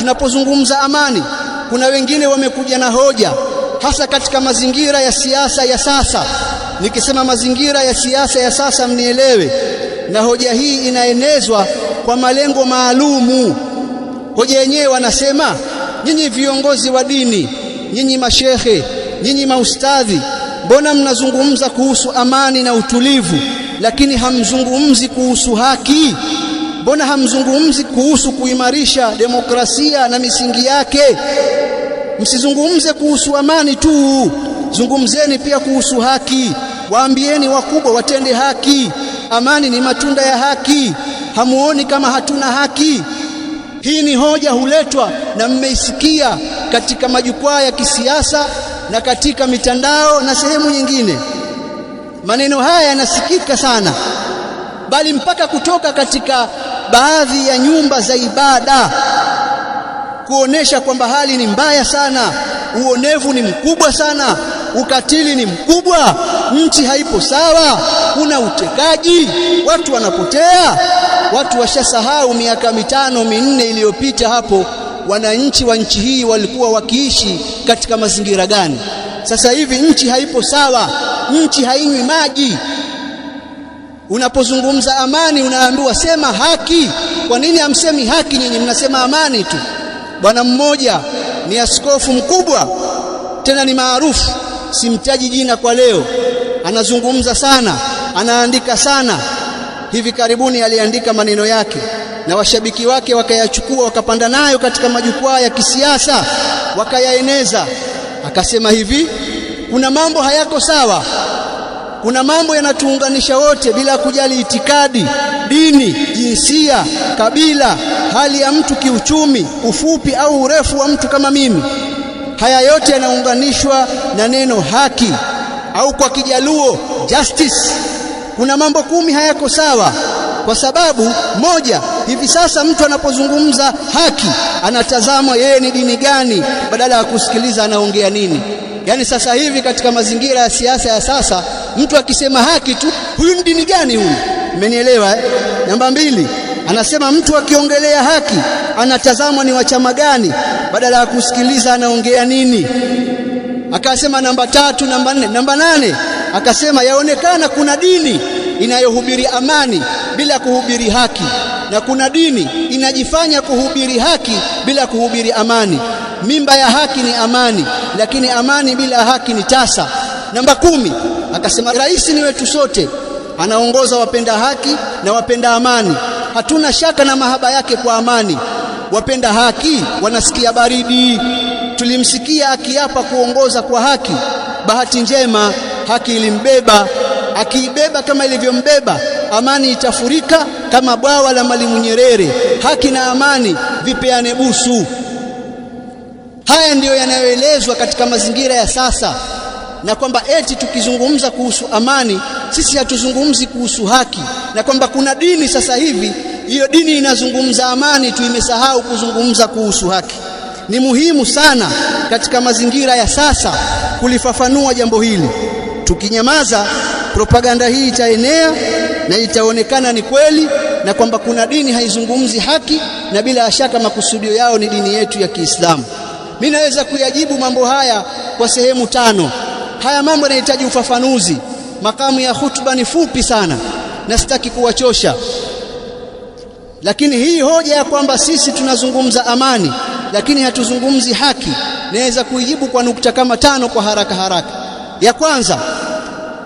tunapozungumza amani, kuna wengine wamekuja na hoja, hasa katika mazingira ya siasa ya sasa. Nikisema mazingira ya siasa ya sasa, mnielewe, na hoja hii inaenezwa kwa malengo maalumu. Hoja yenyewe wanasema, nyinyi viongozi wa dini, nyinyi mashehe, nyinyi maustadhi, mbona mnazungumza kuhusu amani na utulivu, lakini hamzungumzi kuhusu haki? mbona hamzungumzi kuhusu kuimarisha demokrasia na misingi yake? Msizungumze kuhusu amani tu, zungumzeni pia kuhusu haki. Waambieni wakubwa watende haki. Amani ni matunda ya haki. Hamuoni kama hatuna haki? Hii ni hoja huletwa na mmeisikia katika majukwaa ya kisiasa na katika mitandao na sehemu nyingine. Maneno haya yanasikika sana, bali mpaka kutoka katika baadhi ya nyumba za ibada kuonesha kwamba hali ni mbaya sana, uonevu ni mkubwa sana, ukatili ni mkubwa, nchi haipo sawa, kuna utekaji, watu wanapotea. Watu washasahau miaka mitano minne iliyopita hapo wananchi wa nchi hii walikuwa wakiishi katika mazingira gani? Sasa hivi nchi haipo sawa, nchi hainywi maji, Unapozungumza amani, unaambiwa sema haki. Kwa nini hamsemi haki? Nyinyi mnasema amani tu. Bwana mmoja ni askofu mkubwa, tena ni maarufu, simtaji jina kwa leo. Anazungumza sana, anaandika sana. Hivi karibuni aliandika maneno yake na washabiki wake wakayachukua, wakapanda nayo katika majukwaa ya kisiasa, wakayaeneza. Akasema hivi, kuna mambo hayako sawa kuna mambo yanatuunganisha wote bila kujali itikadi, dini, jinsia, kabila, hali ya mtu kiuchumi, ufupi au urefu wa mtu kama mimi. Haya yote yanaunganishwa na neno haki au kwa Kijaluo justice. Kuna mambo kumi hayako sawa kwa sababu moja, hivi sasa mtu anapozungumza haki anatazamwa yeye ni dini gani, badala ya kusikiliza anaongea nini. Yaani sasa hivi katika mazingira ya siasa ya sasa mtu akisema haki tu, huyu ni dini gani huyu? Umenielewa eh? Namba mbili, anasema mtu akiongelea haki anatazamwa ni wachama gani, badala ya kusikiliza anaongea nini. Akasema namba tatu, namba nne, namba nane akasema yaonekana kuna dini inayohubiri amani bila kuhubiri haki na kuna dini inajifanya kuhubiri haki bila kuhubiri amani. Mimba ya haki ni amani, lakini amani bila haki ni tasa. Namba kumi, akasema rais ni wetu sote, anaongoza wapenda haki na wapenda amani. Hatuna shaka na mahaba yake kwa amani. Wapenda haki wanasikia baridi. Tulimsikia akiapa kuongoza kwa haki. Bahati njema, haki ilimbeba. Akiibeba kama ilivyombeba, amani itafurika kama bwawa la Mwalimu Nyerere. Haki na amani vipeane busu. Haya ndiyo yanayoelezwa katika mazingira ya sasa na kwamba eti tukizungumza kuhusu amani sisi hatuzungumzi kuhusu haki, na kwamba kuna dini sasa hivi hiyo dini inazungumza amani tu, imesahau kuzungumza kuhusu haki. Ni muhimu sana katika mazingira ya sasa kulifafanua jambo hili. Tukinyamaza, propaganda hii itaenea na itaonekana ni kweli na kwamba kuna dini haizungumzi haki, na bila shaka makusudio yao ni dini yetu ya Kiislamu. Mimi naweza kuyajibu mambo haya kwa sehemu tano. Haya mambo yanahitaji ufafanuzi. Makamu ya hutuba ni fupi sana na sitaki kuwachosha, lakini hii hoja ya kwamba sisi tunazungumza amani lakini hatuzungumzi haki, naweza kuijibu kwa nukta kama tano kwa haraka haraka. Ya kwanza,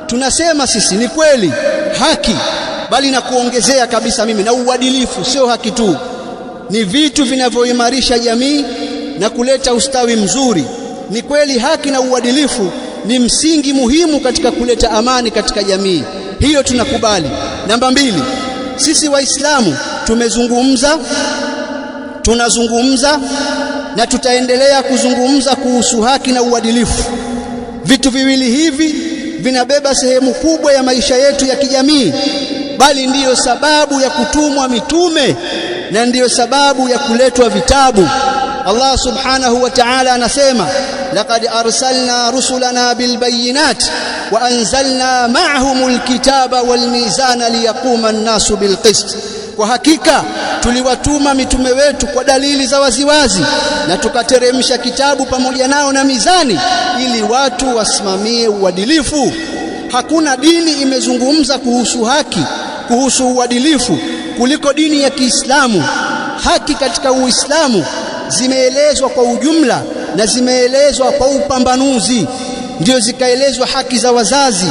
tunasema sisi ni kweli haki, bali na kuongezea kabisa mimi na uadilifu, sio haki tu, ni vitu vinavyoimarisha jamii na kuleta ustawi mzuri. Ni kweli haki na uadilifu ni msingi muhimu katika kuleta amani katika jamii, hiyo tunakubali. Namba mbili, sisi Waislamu tumezungumza, tunazungumza na tutaendelea kuzungumza kuhusu haki na uadilifu. Vitu viwili hivi vinabeba sehemu kubwa ya maisha yetu ya kijamii, bali ndiyo sababu ya kutumwa mitume na ndiyo sababu ya kuletwa vitabu. Allah subhanahu wa ta'ala anasema laqad arsalna rusulana bilbayinat wa anzalna ma'ahum alkitaba walmizana liyaquma an-nasu bilqist kwa hakika tuliwatuma mitume wetu kwa dalili za waziwazi na tukateremsha kitabu pamoja nao na mizani ili watu wasimamie uadilifu hakuna dini imezungumza kuhusu haki kuhusu uadilifu kuliko dini ya Kiislamu haki katika Uislamu zimeelezwa kwa ujumla na zimeelezwa kwa upambanuzi, ndio zikaelezwa haki za wazazi,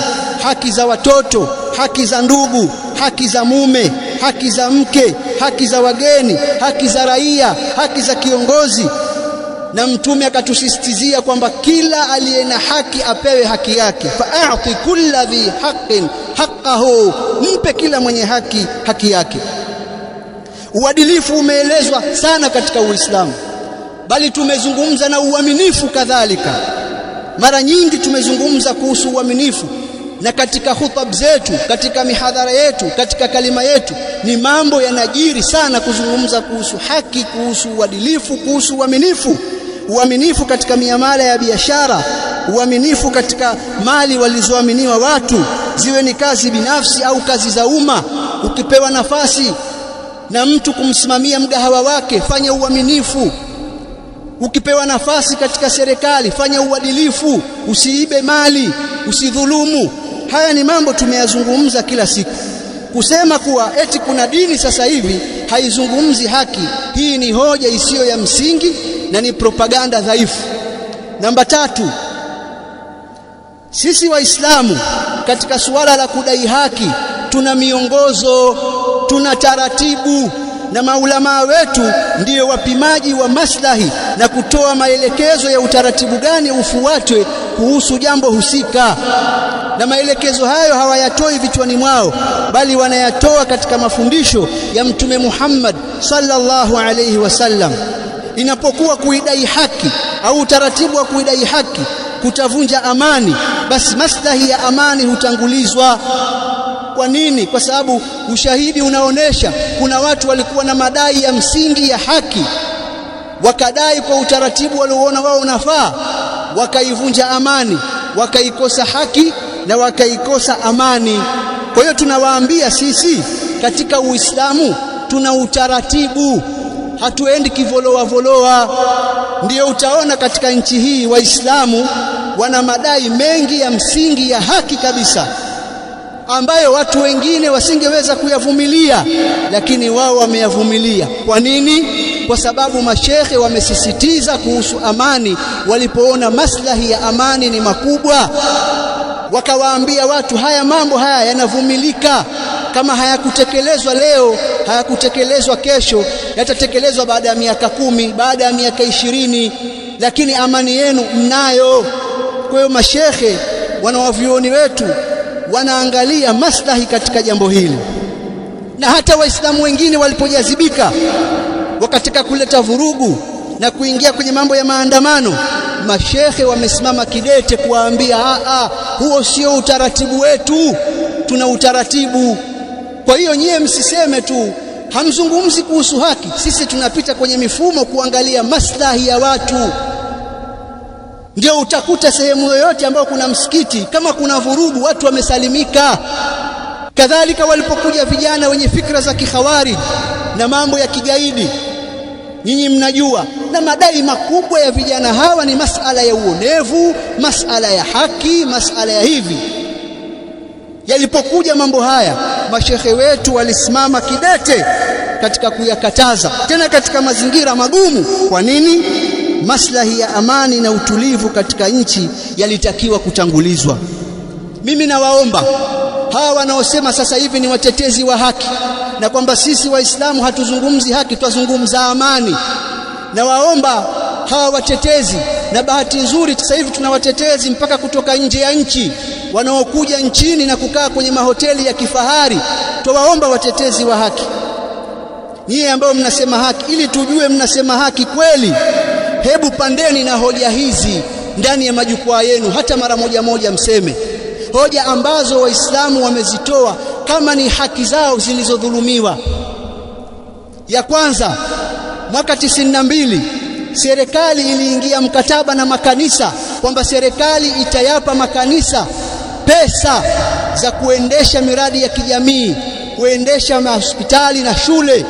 haki za watoto, haki za ndugu, haki za mume, haki za mke, haki za wageni, haki za raia, haki za kiongozi. Na Mtume akatusisitizia kwamba kila aliye na haki apewe haki yake, faati kulli dhi haqqin haqqahu, mpe kila mwenye haki haki yake. Uadilifu umeelezwa sana katika Uislamu bali tumezungumza na uaminifu kadhalika. Mara nyingi tumezungumza kuhusu uaminifu, na katika hutab zetu, katika mihadhara yetu, katika kalima yetu, ni mambo yanajiri sana kuzungumza kuhusu haki, kuhusu uadilifu, kuhusu uaminifu, uaminifu katika miamala ya biashara, uaminifu katika mali walizoaminiwa watu, ziwe ni kazi binafsi au kazi za umma. Ukipewa nafasi na mtu kumsimamia mgahawa wake, fanya uaminifu. Ukipewa nafasi katika serikali, fanya uadilifu, usiibe mali, usidhulumu. Haya ni mambo tumeyazungumza kila siku. Kusema kuwa eti kuna dini sasa hivi haizungumzi haki, hii ni hoja isiyo ya msingi na ni propaganda dhaifu. Namba tatu, sisi Waislamu katika suala la kudai haki tuna miongozo, tuna taratibu na maulamaa wetu ndiyo wapimaji wa maslahi na kutoa maelekezo ya utaratibu gani ufuatwe kuhusu jambo husika, na maelekezo hayo hawayatoi vichwani mwao, bali wanayatoa katika mafundisho ya Mtume Muhammad sallallahu alayhi wasallam. Inapokuwa kuidai haki au utaratibu wa kuidai haki kutavunja amani, basi maslahi ya amani hutangulizwa. Kwa nini? Kwa sababu ushahidi unaonesha kuna watu walikuwa na madai ya msingi ya haki, wakadai kwa utaratibu walioona wao unafaa, wakaivunja amani, wakaikosa haki na wakaikosa amani. Kwa hiyo tunawaambia sisi, katika Uislamu tuna utaratibu, hatuendi kivoloa voloa. Ndiyo utaona katika nchi hii Waislamu wana madai mengi ya msingi ya haki kabisa ambayo watu wengine wasingeweza kuyavumilia, lakini wao wameyavumilia. Kwa nini? Kwa sababu mashehe wamesisitiza kuhusu amani, walipoona maslahi ya amani ni makubwa, wakawaambia watu, haya mambo haya yanavumilika kama hayakutekelezwa leo, hayakutekelezwa kesho, yatatekelezwa baada ya miaka kumi, baada ya miaka ishirini, lakini amani yenu mnayo. Kwa hiyo mashehe wanawavioni wetu wanaangalia maslahi katika jambo hili, na hata Waislamu wengine walipojazibika wakatika kuleta vurugu na kuingia kwenye mambo ya maandamano, mashehe wamesimama kidete kuwaambia a ah, a, ah, huo sio utaratibu wetu, tuna utaratibu. Kwa hiyo nyie msiseme tu hamzungumzi kuhusu haki, sisi tunapita kwenye mifumo kuangalia maslahi ya watu. Ndio utakuta sehemu yoyote ambayo kuna msikiti, kama kuna vurugu, watu wamesalimika. Kadhalika walipokuja vijana wenye fikra za kihawari na mambo ya kigaidi, nyinyi mnajua, na madai makubwa ya vijana hawa ni masala ya uonevu, masala ya haki, masala ya hivi. Yalipokuja mambo haya, mashehe wetu walisimama kidete katika kuyakataza, tena katika mazingira magumu. Kwa nini? maslahi ya amani na utulivu katika nchi yalitakiwa kutangulizwa. Mimi nawaomba hawa wanaosema sasa hivi ni watetezi wa haki na kwamba sisi Waislamu hatuzungumzi haki, twazungumza amani, na waomba hawa watetezi, na bahati nzuri sasa hivi tuna watetezi mpaka kutoka nje ya nchi wanaokuja nchini na kukaa kwenye mahoteli ya kifahari. Twawaomba watetezi wa haki, nyie ambao mnasema haki, ili tujue mnasema haki kweli hebu pandeni na hoja hizi ndani ya majukwaa yenu, hata mara moja moja, mseme hoja ambazo Waislamu wamezitoa kama ni haki zao zilizodhulumiwa. Ya kwanza, mwaka tisini na mbili serikali iliingia mkataba na makanisa kwamba serikali itayapa makanisa pesa za kuendesha miradi ya kijamii, kuendesha mahospitali na shule.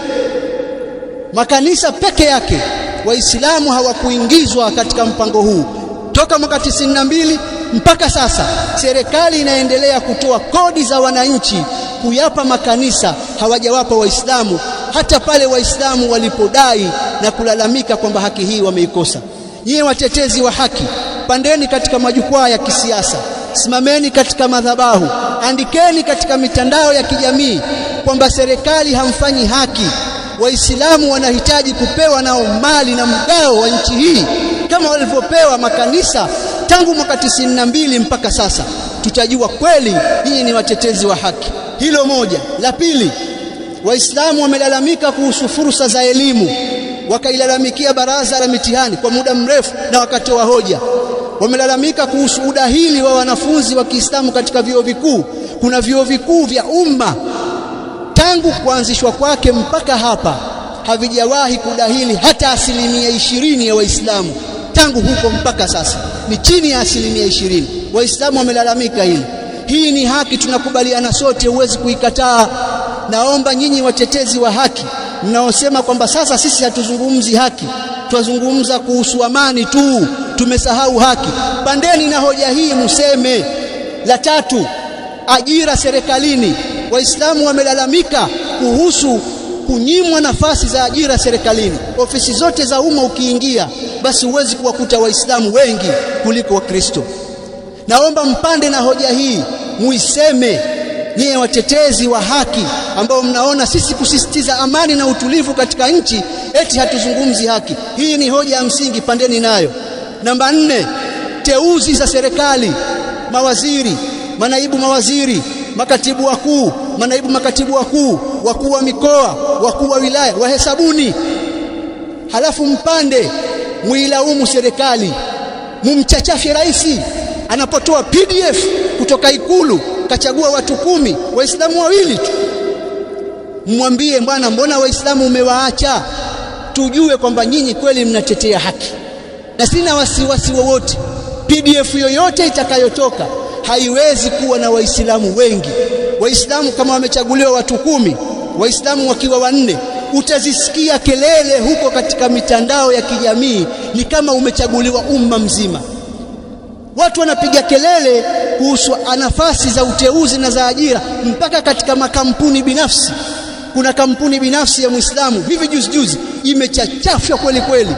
Makanisa peke yake Waislamu hawakuingizwa katika mpango huu toka mwaka 92 mpaka sasa. Serikali inaendelea kutoa kodi za wananchi kuyapa makanisa, hawajawapa Waislamu hata pale Waislamu walipodai na kulalamika kwamba haki hii wameikosa. Nyie watetezi wa haki, pandeni katika majukwaa ya kisiasa, simameni katika madhabahu, andikeni katika mitandao ya kijamii kwamba serikali hamfanyi haki. Waislamu wanahitaji kupewa nao mali na mgao wa nchi hii kama walivyopewa makanisa tangu mwaka tisini na mbili mpaka sasa, tutajua kweli hii ni watetezi wa haki. Hilo moja. La pili, Waislamu wamelalamika kuhusu fursa za elimu, wakailalamikia baraza la mitihani kwa muda mrefu na wakatoa wa hoja. Wamelalamika kuhusu udahili wa wanafunzi wa Kiislamu katika vyuo vikuu. Kuna vyuo vikuu vya umma tangu kuanzishwa kwake mpaka hapa havijawahi kudahili hata asilimia ishirini ya Waislamu tangu huko mpaka sasa ni chini ya asilimia ishirini. Waislamu wamelalamika hili. Hii ni haki, tunakubaliana sote, huwezi kuikataa. Naomba nyinyi watetezi wa haki mnaosema kwamba sasa sisi hatuzungumzi haki, twazungumza kuhusu amani tu, tumesahau haki, pandeni na hoja hii mseme. La tatu, ajira serikalini Waislamu wamelalamika kuhusu kunyimwa nafasi za ajira serikalini. Ofisi zote za umma ukiingia, basi huwezi kuwakuta Waislamu wengi kuliko Wakristo. Naomba mpande na hoja hii muiseme, nyiye watetezi wa haki ambao mnaona sisi kusisitiza amani na utulivu katika nchi eti hatuzungumzi haki. Hii ni hoja ya msingi, pandeni nayo. Namba nne, teuzi za serikali, mawaziri, manaibu mawaziri makatibu wakuu, manaibu makatibu wakuu, wakuu wa mikoa, wakuu wa wilaya, wahesabuni. Halafu mpande muilaumu serikali, mumchachafye rais anapotoa PDF kutoka Ikulu, kachagua watu kumi, waislamu wawili tu. Mmwambie bwana, mbona waislamu umewaacha? Tujue kwamba nyinyi kweli mnatetea haki, na sina wasiwasi wowote PDF yoyote itakayotoka haiwezi kuwa na waislamu wengi. Waislamu kama wamechaguliwa watu kumi, waislamu wakiwa wanne, utazisikia kelele huko katika mitandao ya kijamii, ni kama umechaguliwa umma mzima. Watu wanapiga kelele kuhusu nafasi za uteuzi na za ajira, mpaka katika makampuni binafsi. Kuna kampuni binafsi ya Muislamu hivi juzi juzi imechachafywa kweli kweli,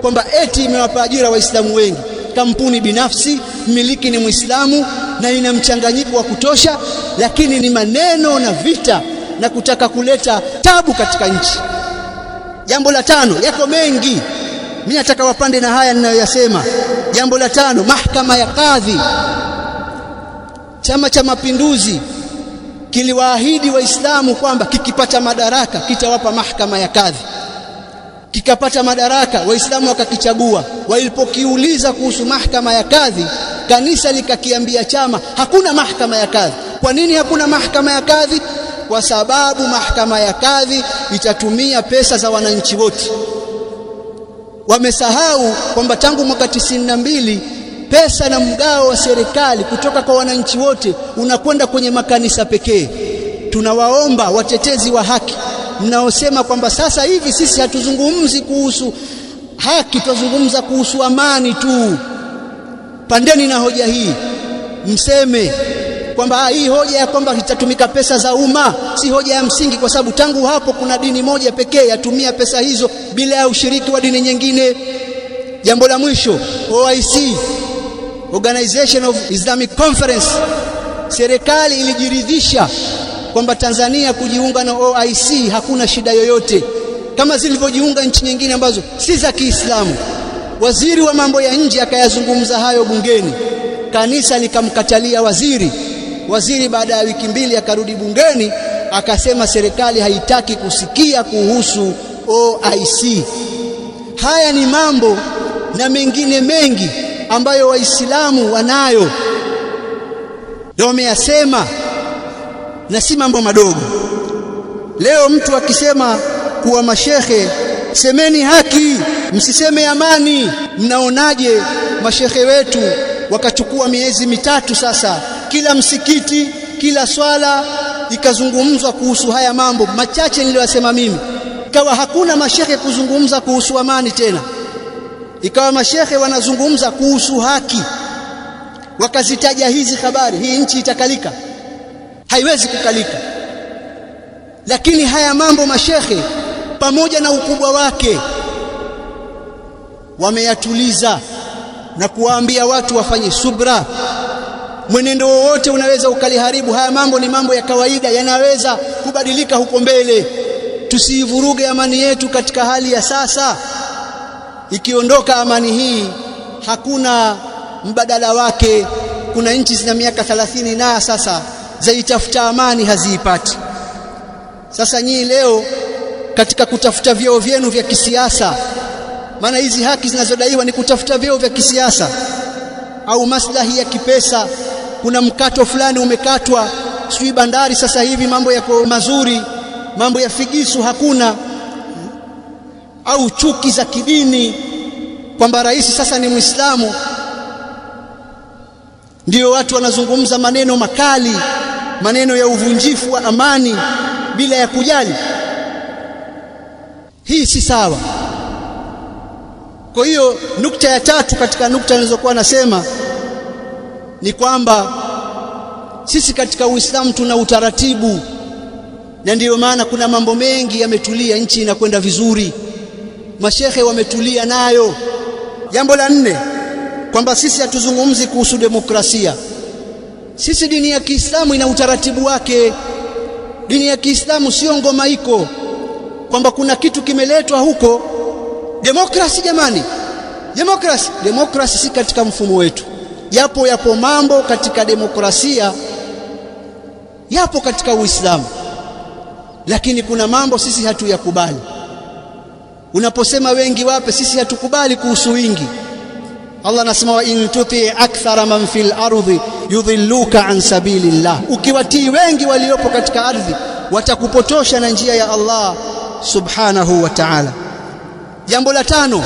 kwamba eti imewapa ajira Waislamu wengi. Kampuni binafsi, mmiliki ni Muislamu, na ina mchanganyiko wa kutosha, lakini ni maneno na vita na kutaka kuleta tabu katika nchi. Jambo la tano, yako mengi, mimi nataka wapande na haya ninayoyasema. Jambo la tano, mahakama ya kadhi. Chama cha Mapinduzi kiliwaahidi Waislamu kwamba kikipata madaraka kitawapa mahakama ya kadhi. Kikapata madaraka, Waislamu wakakichagua. Walipokiuliza kuhusu mahakama ya kadhi kanisa likakiambia chama hakuna mahakama ya kadhi. Kwa nini hakuna mahakama ya kadhi? Kwa sababu mahakama ya kadhi itatumia pesa za wananchi wote. Wamesahau kwamba tangu mwaka tisini na mbili pesa na mgao wa serikali kutoka kwa wananchi wote unakwenda kwenye makanisa pekee. Tunawaomba watetezi wa haki mnaosema kwamba sasa hivi sisi hatuzungumzi kuhusu haki, twazungumza kuhusu amani tu pandeni na hoja hii, mseme kwamba ah, hii hoja ya kwamba zitatumika pesa za umma si hoja ya msingi, kwa sababu tangu hapo kuna dini moja pekee yatumia pesa hizo bila ya ushiriki wa dini nyingine. Jambo la mwisho, OIC, Organization of Islamic Conference, serikali ilijiridhisha kwamba Tanzania kujiunga na OIC hakuna shida yoyote, kama zilivyojiunga nchi nyingine ambazo si za Kiislamu waziri wa mambo ya nje akayazungumza hayo bungeni, kanisa likamkatalia waziri. Waziri baada ya wiki mbili akarudi bungeni akasema serikali haitaki kusikia kuhusu OIC. Haya ni mambo na mengine mengi ambayo Waislamu wanayo ndio wameyasema, na si mambo madogo. Leo mtu akisema kuwa mashehe semeni haki, msiseme amani. Mnaonaje mashekhe wetu wakachukua miezi mitatu sasa, kila msikiti, kila swala ikazungumzwa kuhusu haya mambo machache niliyosema mimi, ikawa hakuna mashehe kuzungumza kuhusu amani tena, ikawa mashehe wanazungumza kuhusu haki, wakazitaja hizi habari. Hii nchi itakalika? Haiwezi kukalika. Lakini haya mambo mashehe pamoja na ukubwa wake wameyatuliza na kuwaambia watu wafanye subra. Mwenendo wowote unaweza ukaliharibu. Haya mambo ni mambo ya kawaida, yanaweza kubadilika huko mbele. Tusiivuruge amani yetu katika hali ya sasa. Ikiondoka amani hii, hakuna mbadala wake. Kuna nchi zina miaka thalathini na sasa zaitafuta amani, haziipati. Sasa nyii leo katika kutafuta vyeo vyenu vya kisiasa. Maana hizi haki zinazodaiwa ni kutafuta vyeo vya kisiasa au maslahi ya kipesa. Kuna mkato fulani umekatwa, sijui bandari sasa hivi mambo yako mazuri, mambo ya figisu hakuna, au chuki za kidini kwamba rais sasa ni Mwislamu, ndio watu wanazungumza maneno makali, maneno ya uvunjifu wa amani bila ya kujali hii si sawa kwa hiyo nukta ya tatu katika nukta nilizokuwa nasema ni kwamba sisi katika Uislamu tuna utaratibu na ndiyo maana kuna mambo mengi yametulia nchi inakwenda vizuri mashehe wametulia nayo jambo la nne kwamba sisi hatuzungumzi kuhusu demokrasia sisi dini ya Kiislamu ina utaratibu wake dini ya Kiislamu sio ngoma iko kwamba kuna kitu kimeletwa huko. Demokrasi jamani, demokrasi, demokrasi si katika mfumo wetu. Yapo yapo mambo katika demokrasia, yapo katika Uislamu, lakini kuna mambo sisi hatuyakubali. Unaposema wengi wape, sisi hatukubali kuhusu wingi. Allah anasema wa in tuti akthara man fil ardhi yudhilluka an sabilillah, ukiwatii wengi waliopo katika ardhi watakupotosha na njia ya Allah subhanahu wa ta'ala. Jambo la tano,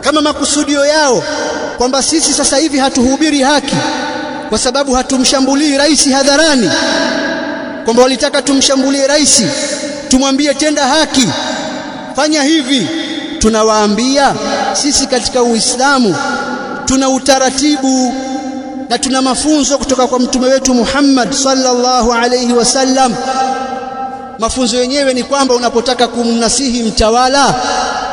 kama makusudio yao kwamba sisi sasa hivi hatuhubiri haki kwa sababu hatumshambulii rais hadharani, kwamba walitaka tumshambulie rais, tumwambie tenda haki, fanya hivi. Tunawaambia sisi katika Uislamu tuna utaratibu na tuna mafunzo kutoka kwa mtume wetu Muhammad sallallahu alayhi wasallam mafunzo yenyewe ni kwamba unapotaka kumnasihi mtawala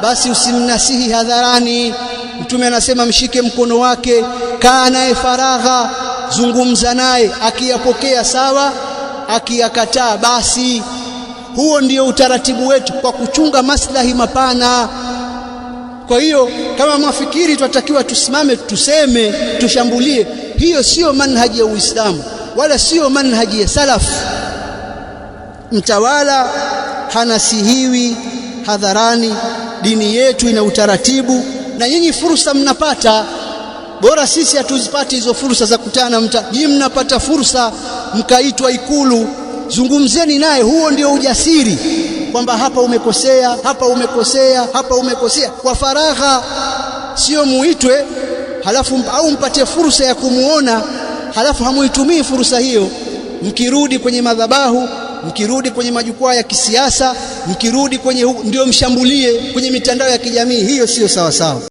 basi usimnasihi hadharani mtume anasema mshike mkono wake kaa naye faragha zungumza naye akiyapokea sawa akiyakataa basi huo ndio utaratibu wetu kwa kuchunga maslahi mapana kwa hiyo kama mwafikiri tunatakiwa tusimame tuseme tushambulie hiyo sio manhaji ya uislamu wala sio manhaji ya salafu mtawala hanasihiwi hadharani dini yetu ina utaratibu na nyinyi fursa mnapata bora sisi hatuzipati hizo fursa za kutana mta nyinyi mnapata fursa mkaitwa ikulu zungumzeni naye huo ndio ujasiri kwamba hapa umekosea hapa umekosea hapa umekosea kwa faragha sio muitwe halafu au mpate fursa ya kumuona halafu hamuitumii fursa hiyo mkirudi kwenye madhabahu mkirudi kwenye majukwaa ya kisiasa, mkirudi kwenye, ndio mshambulie kwenye mitandao ya kijamii. Hiyo siyo sawasawa.